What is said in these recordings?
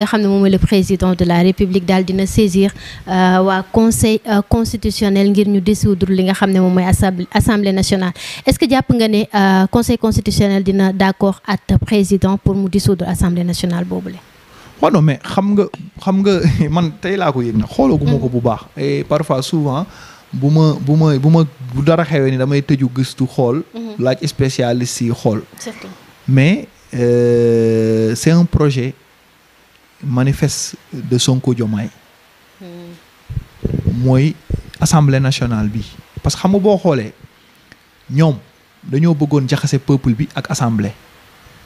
nga xam ne moom président de la république dal dina saisir euh, wa conseil euh, constitutionnel ngir ñu dissoudre li nga xamné ne moom assemblée nationale est-ce que japp nga ne euh, conseil constitutionnel dina d'accord ak président pour mu dissoudre assemblée nationale boobu la. waaw non mais xam nga xam nga man tay la ko yëg na xoolaguma ko bu baax et parfois souvent buma buma buma bu dara xewé ni damay tëju gëstu xol mhm. laaj spécialiste yi xool. mais euh, c'est un projet. manifeste de Sonko Diomaye hmm. mooy assemblée nationale bi parce que xam boo xoolee ñoom dañoo bëggoon jaxase peuple bi ak assemblée.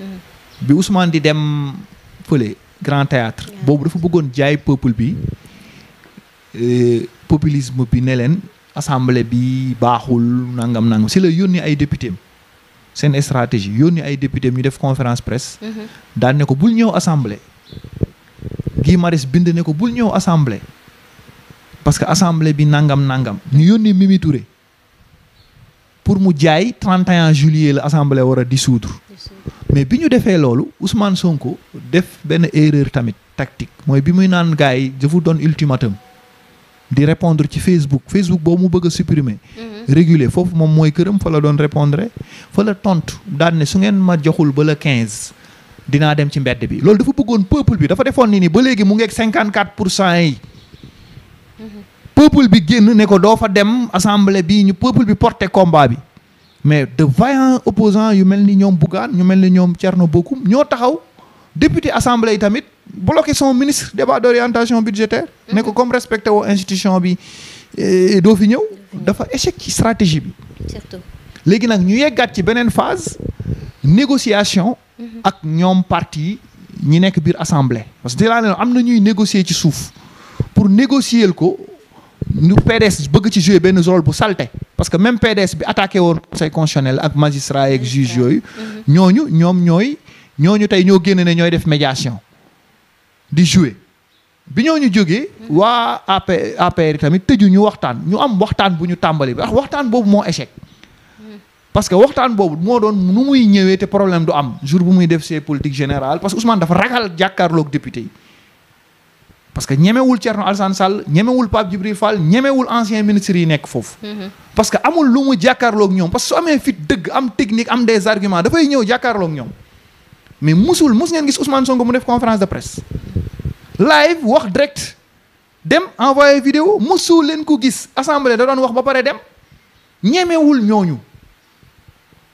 Hmm. bi Ousmane di dem fële grand théâtre boobu dafa bëggoon jaay peuple bi euh, populisme bi ne leen assemblée bi baaxul nangam nangam si la yónni ay député seen stratégie yónni ay député ñu def conférence presse. Hmm. daan ne ko bul ñëw assemblée. Guy Marius bind ne ko bul ñëw assemblée parce que assemblée bi nangam nangam ñu yónnee Mimi pour mu jaay 31 juillet la assemblée war a dissoudre mais bi ñu defee loolu Ousmane Sonko def benn erreur tamit tactique mooy bi muy naan gars yi je vous donne ultimatum di répondre ci Facebook Facebook boobu mu bëgg suprimé supprimer. Mhm. foofu moom mooy këram fa la doon répondre fa la tontu daan su ngeen ma joxul ba le quinze dina dem ci mbedd bi loolu dafa bëggoon peuple bi dafa defoon ni ni ba léegi mu ngeeg cinquante quatre pour cent yi mhm. peuple bi génn ne ko doo fa dem assemblée bi ñu peuple bi porté combat bi mais de vaillants opposants yu mel ni ñoom Bougane ñu mel ni ñoom Thierno Bocoum ñoo taxaw député assemblée yi tamit bloqué son ministre débat d'orientation budgétaire ne ko mhm. comme respecté woo institution bi eh, doo fi ñëw dafa échec ci stratégie bi surtout léegi nag ñu yeggaat ci beneen phase négociation ak ñom parti ñi nek biir assemblée parce que te laa am na ñuy négocier ci souf pour négocier ko nous PDS bëgg ci jouer ben rôle bu salte parce que même PDS bi attaqué woon conseil constitutionnel ak magistrat ak juge yooyu mhm. ñooñu ñom ñoy ñooñu tay ñoo génn ne ñooy def médiation di jouer bi ñoo joggé mhm. wa AP APR tamit teju ñu waxtaan ñu am waxtaan bu ñu tambali. wax waxtaan bobu mo échec parce que waxtaan boobu moo doon nu muy ñëwee te problème du am jour bu muy def ses politique générale parce que Ousmane dafa ragal jàkkaarloog député yi parce que ñemewul Thierno Alassane Sall ñemewul Pape Djibril Fall ñemewul ancien ministre yi nekk foofu. Mhm. parce que amul lu mu jàkkaarloog ñoom parce que su amee fit dëgg am technique am des arguments dafay ñëw jàkkaarloog ñoom mais musul mus ngeen gis Ousmane Sonko mu def conférence de presse live wax direct dem envoyé vidéo musul leen ko gis assemblée da wax ba pare dem ñemewul ñooñu.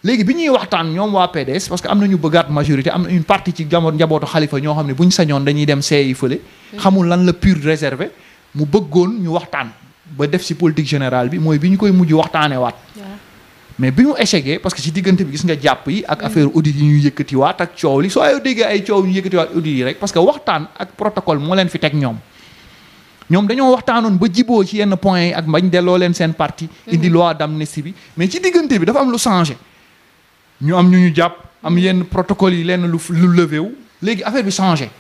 léegi bi ñuy waxtaan ñoom waa PDS parce que am na ñu bëggaat majorité am na une partie ci jamono njabootu xalifa ñoo xam ne bu ñu sañoon dañuy dem seeyi fële. Hmm. xamul lan la pure réservé mu bëggoon ñu waxtaan ba def si politique général bi mooy bi ñu koy mujj waxtaanee waat. mais bi mu échecgee parce que ci diggante bi gis nga jàpp yi ak hmm. affaire audit yi ñuy yëkkatiwaat ak coow li soo ay audit yi rek parce que waxtaan ak protocole moo leen fi teg ñoom ñoom dañoo waxtaanoon ba jiboo ci yenn point yi ak bañ delloo leen seen parti hmm. indi loi d'amnistie bi mais ci diggante bi dafa am lu changé ñu am ñu ñu jàpp am yenn protocole yi lenn lu lu levé wu léegi affaire bi changé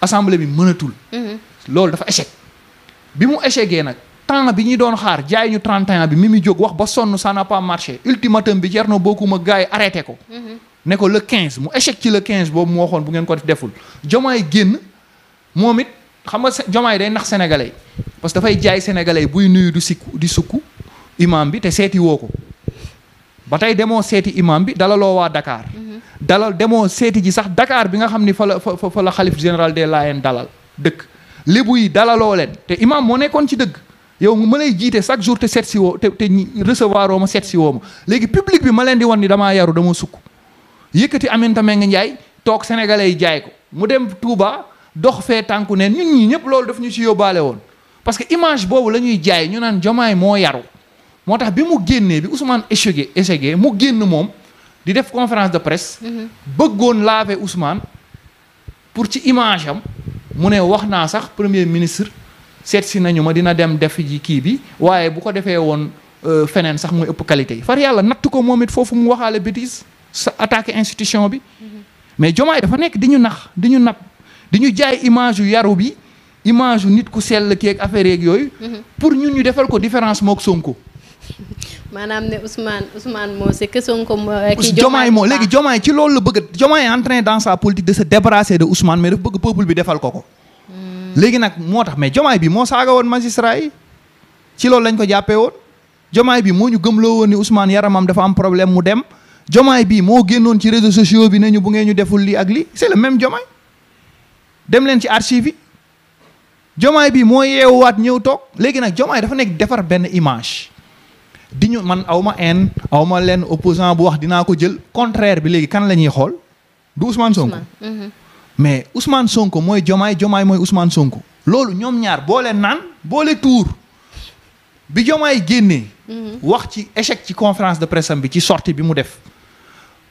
assemblée bi mënatul. Mhm. lool dafa échec bi mu échecgee nag temps bi ñi doon xaar jaay ñu 31 bi mi mu jóg wax ba sonu ça n'a pas marché ultimatum bi Thierno Bocoum ak gars arrêté ko. Mhm. né ko le 15 mu échec ci le 15 boobu mu waxon bu ngeen ko def deful jomay genn momit it xam nga Diomaye day nax sénégalais parce que fay jaay sénégalais buy nuyu du sikku di sukku imam bi té séti woko ba tey demoo seeti imam bi dalaloo waa Dakar. Mhm. dalal demoo seeti ji sax dakaar bi nga xam ni fa la fa la xalif général des Layènes dalal dëkk. lébu yi dalaloo leen te imam moo nekkoon ci dëgg yow ma lay jiite chaque jour te seet si woo te te recevoir ma seet si woo ma léegi public bi ma leen di wan ni damaa yaru dama sukk yëkkati Aminata Mbengue Ndiaye toog sénégalais jaay ko mu dem tuubaa dox fee tànku ne nit ñi ñëpp loolu daf ñu ci yóbbaale woon parce que image boobu la ñuy jaay naan jomaay moo yaru. moo tax bi mu génnee bi Ousmane échoué échoué mu génn moom di def conférence de presse. Mhm. bëggoon laabe Ousmane pour ci image am mu ne wax naa sax premier ministre seet si nañu ma dina dem def ji kii bi waaye bu ko defee woon euh, feneen sax muy ëpp qualité yi far yàlla natt ko moom it foofu mu waxaale bêtise sa attaque institution bi. Mhm. mais jomaay dafa nekk di ñu nax di ñu napp di ñu jaay image yu yaru bi image yu nit ku sell keeg affaire yeeg yooyu. Mhm. pour ñun ñu defal ko différence mook Sonko. maanaam ne Ousmane Ousmane moo c'est que Sonko moo kii Diomaye moo léegi Diomaye ci loolu la bëgg Diomaye est en train dans sa politique de se mais dafa bëgg peuple bi defal ko ko. Hmm. léegi nag moo tax mais Diomaye bi moo saaga woon magistrat yi ci loolu lañ ko jàppee woon Diomaye bi moo ñu gëmloo woon ni Ousmane yaramam dafa am problème mu dem Diomaye bi moo génnoon ci réseaux sociaux bi nañu bu ngeen ñu deful lii ak li c'est le même Diomaye dem leen ci archive yi Diomaye bi moo yeewaat ñëw toog léegi nag Diomaye dafa nekk defar benn image. di ñu man aw ma haine aw ma lenn opposant bu wax dinaa ko jël contraire bi léegi kan la ñuy xool du Ousmane Sonko. Mhm. mais Ousmane Sonko mooy Jomaay Jomaay mooy Ousmane Sonko. loolu ñoom ñaar boole naan boole tuur bi Jomaay génnee. Mhm. wax ci échec ci conférence de presse bi ci sortie bi mu def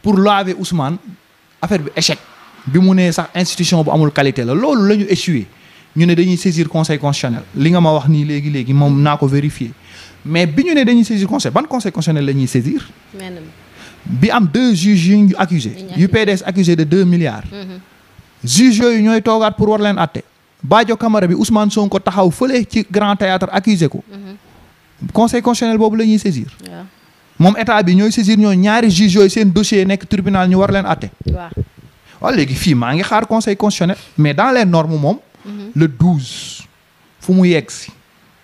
pour laver Ousmane affaire bi échec bi mu nee sax institution bu amul qualité la loolu la ñu échoué. ñu ne dañuy saisir conseil constitutionnel li nga ma wax nii léegi léegi moom naa vérifier mais bi ñu ne dañuy saisir conseil ban conseil constitutionnel la ñuy saisir. bi am deux juges yu ñu accusé yu PDS accusé de deux milliards. Mm-hmm. juges yooyu ñooy toogaat pour war leen àtte. Badio Camara bi Ousmane Sonko taxaw fële ci grand théâtre accusé ko. Mm-hmm. conseil constitutionnel boobu la ñuy saisir. moom état bi ñoy saisir ñoy ñaari juges yooyu seen dossier nek tribunal ñu war leen àtte. wa légui fi ma nga xaar conseil constitutionnel mais dans les normes mom le 12 fu mu yegg si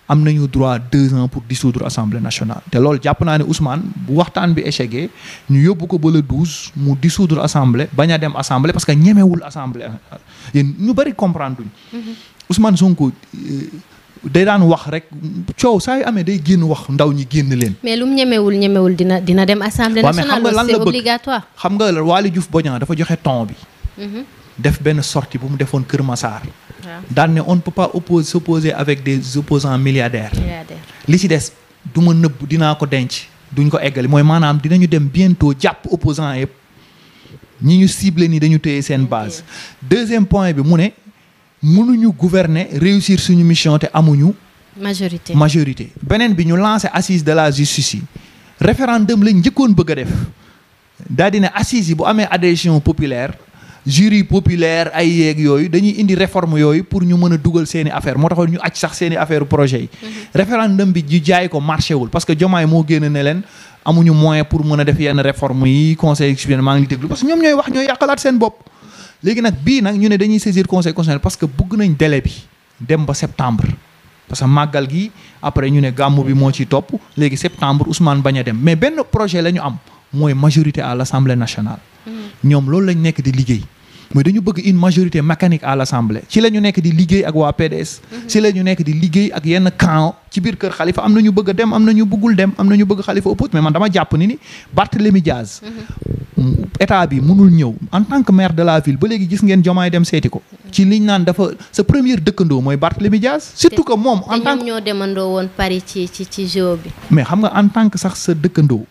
am nañu droit deux ans pour dissoudre assemblée nationale te loolu jàpp naa ne Ousmane bu waxtaan bi échecgee ñu yóbbu ko ba le douze mu dissoudre assemblée bañ a dem assemblée parce que ñemewul assemblée yéen ñu bëri comprendre duñ mhm. Ousmane Sonko euh, day daan wax rek coow saa yu amee day génn wax ndaw ñi génn leen. mais lu mu ñemewul ñemewul dina dina dem assemblée nationale c'est xam nga lan la bëgg xam nga Waly Diouf Bodian dafa joxe ton bi. Mhm. def benn sortie bu mu defoon Kër Massar. daan on ne peut pas oppose s'opposer avec des opposants milliardaires li ci des du ma nëbb dinaa ko denc duñ ko eggali mooy maanaam dinañu dem bientôt jàpp opposants. yëpp ñi ciblé ni dañu téye base deuxième point bi mu ne mënuñu gouverner réussir suñu mission de amuñu majorité majorité Benen, bi ñu lancé assise de la justice référendum lañ njëkkoon bëgg a def daal dina assise yi bu une adhésion populaire jury populaire ay yeeg yoy dañuy indi réforme yoy pour ñu mëna duggal seeni affaire mo taxoon ñu acc sax seeni affaire projet yi mhm. référendum bi ju jaay ko marché wul parce que jomay mo génn ne len amuñu moyen pour mëna def yenn réforme yi conseil supérieur ma ngi déglu parce que ñom ñoy wax ñoy yakalat seen bop légui nak bi nak ñu ne dañuy saisir conseil constitutionnel parce que bëgg nañ délai bi dem ba septembre parce que magal gi après ñu ne gamu bi mo ci top légui septembre Ousmane baña dem mais ben projet lañu am moy majorité à l'Assemblée nationale mhm. ñom loolu lañ nekk di liggéey mooy dañu bëgg une majorité mécanique à l'Assemblée ci la ñu nekk di liggéey ak waa PDS mhm. ci la ñu nekk di liggéey ak yenn camp ci biir kër xalifa am na ñu bëgg dem am na ñu bëggul dem am na ñu bëgg xalifa oppose mais man dama jàpp ni ni Barthélemy Diaz mhm. état bi mënul ñëw en tant que maire de la ville ba léegi gis ngeen jomaay dem seeti ko mhm. ci liñ naan dafa sa première dëkkandoo mooy Barthélemy Diaz surtout que moom en tant que demandoo woon Paris ci ci ci jeu bi mais xam nga en tant que sax sa dëkkandoo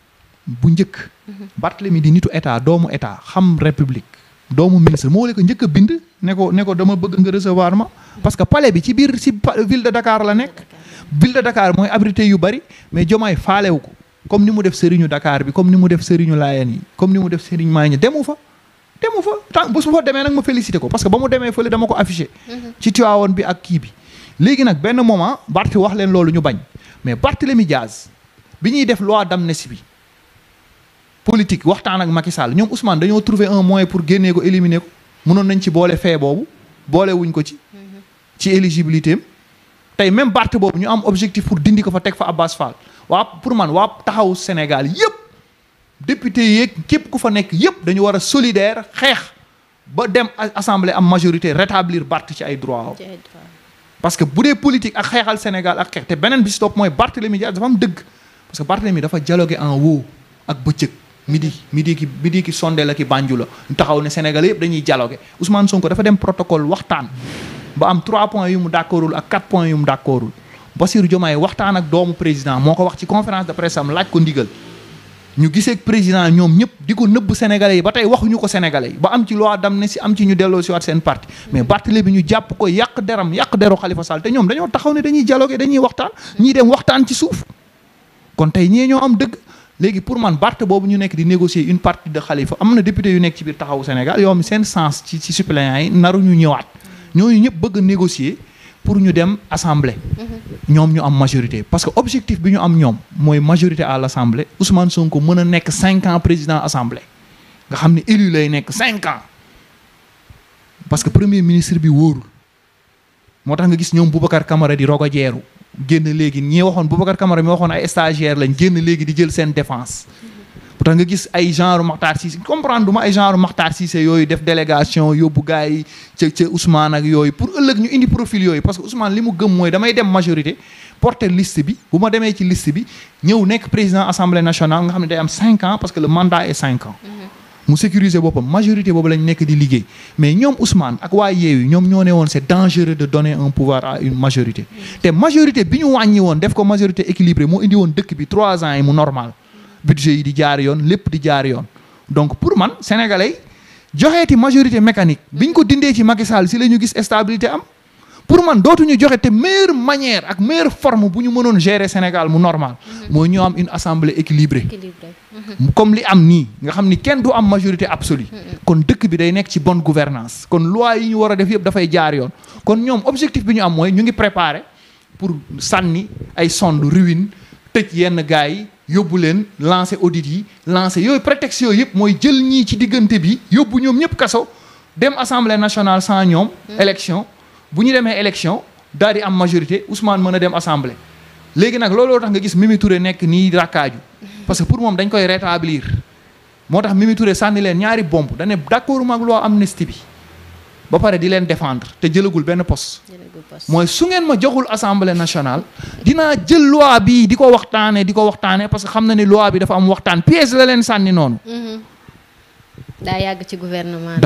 bu njëkk Barthélemy di nitu état doomu état xam république doomu ministre moo la ko njëkk a bind ne ko ne ko dama bëgg nga recevoir ma parce que palais bi ci biir si ville de Dakar la nekk ville de mooy abrité yu bari mais jomaay faalewu ko comme ni mu def sëriñu Dakar bi comme ni mu def sëriñu Laayeen yi comme ni mu def sëriñ Maaña demu fa demu fa tant bu su fa demee nag ma félicité ko parce que ba mu demee fële dama ko affiché mhm. ci Tiwaawoon bi ak kii bi léegi nag benn moment Barth wax leen loolu ñu bañ mais Barthélémy Dias bi ñuy def loi d'amnistie bi politique waxtaan ak Macky Sall ñom Ousmane dañoo trouver un moyen pour génnee ko éliminer ko mënon nañ ci bolé fee bobu bolé wuñ ko ci. ci éligibilité tay même Barth bobu ñu am objectif pour dindi ko fa tek fa Abbas Fall wa pour man wa taxaw Sénégal yépp député yeeg képp ku fa nek yépp dañu wara solidaire xex ba dem assemblée am majorité rétablir Barth ci ay droit parce que boudé politique ak xeexal Sénégal ak xeex te beneen bi si topp mooy Barthélemy dafa am deug parce que Barthélemy dafa dialoguer en haut ak beuk midi midi ki midi ki sondé la ki bànju la taxaw ne Sénégalais yëpp dañuy dialogué Ousmane Sonko dafa dem protocole waxtaan ba am 3 points yu mu d'accordul ak points yu mu d'accordul Bassirou Diomaye waxtaan ak doomu président moo ko wax ci conférence de presse am laaj ko ndigal ñu gisee président ñoom ñëpp di ko nëbb sénégalais yi ba tey waxuñu ko sénégalais ba am ci loi si am ci ñu delloo si waat seen parti mais Barthélémy bi ñu jàpp ko yàq deram yàq deru Khalifa Sall te ñoom dañoo taxaw ne dañuy dialogué dañuy waxtaan ñii dem waxtaan ci suuf kon tey ñee ñoo am léegi pour man Barth boobu ñu nekk di négocier une partie de Khalifa am na député yu nekk ci biir taxawu Sénégal yoo am seen sens ci ci suppléants yi naru ñu ñëwaat ñooñu ñëpp bëgg a négocier pour ñu dem assemblée. Mm-hmm. ñoom ñu am majorité parce que objectif bi ñu am ñoom mooy majorité à l' assemblée Ousmane ko mën a nekk cinq ans président assemblée nga xam ne élu lay nekk cinq ans parce que premier ministre bi wóorul moo tax nga gis ñoom Boubacar Camara di rogo jeeru génn léegi ñi waxoon Boubacar Camara mi waxoon ay stagiaire lañ génn léegi di jël seen défense pourtant nga gis ay genre Makhtar Cissé ay genre Makhtar Cissé yooyu def délégation yóbbu gars yi ca ca Ousmane ak yooyu pour ëllëg ñu indi profil yooyu parce que Ousmane li mu gëm mooy damay dem majorité porter list bi bu ma demee ci list bi ñëw nekk président assemblée nationale nga xam ne day am cinq ans parce que le mandat est cinq ans mm-hmm. mu sécuriser bopam majorité boobu lañ nekk di liggéey mais ñom Ousmane ak waa Yewwi ñoom c'est dangereux de donner un pouvoir à une majorité té majorité biñu ñu wàññi def ko majorité équilibrée mo indi won dëkk bi trois ans yi mu normal budget yi di jaar yoon lepp di jaar yoon donc pour man sénégalais joxéti majorité mécanique biñ ko dindé ci Macky Sall si lañu gis stabilité am pour man dootuñu joxe te meilleure manière ak meilleure forme bu ñu mënon gérer Sénégal mu normal mooy ñu am une assemblée équilibrée comme li am ni nga xamni kenn du am majorité absolue kon dëkk bi day nekk ci bonne gouvernance kon loi yi ñu wara def yëpp dafay jaar yoon kon ñom objectif bi ñu am moy ñu ngi préparer pour sanni ay sonde ruine tëj yenn gaay yi len lancer audit yi lancer yoy prétexte yooyu yëpp mooy jël ci digënté bi yóbbu ñom ñëpp kasso dem assemblée nationale sans ñom élection bu ñu demee élection daal di am majorité Ousmane mën a dem assemblée léegi nag looloo tax nga gis Mimi Touré nekk nii rakkaaju parce que pour moom dañ koy rétablir moo tax Mimi Touré sànni leen ñaari bomb dane d'accord mag loi amnistie bi ba pare di leen defendre te jëlagul benn poste mooy su ngeen ma joxul assemblée nationale dinaa jël loi bi di ko waxtaane di ko waxtaane parce que xam na ne loi bi dafa am waxtaan piège la leen sànni noonu mhm. daa yàgg ci gouvernement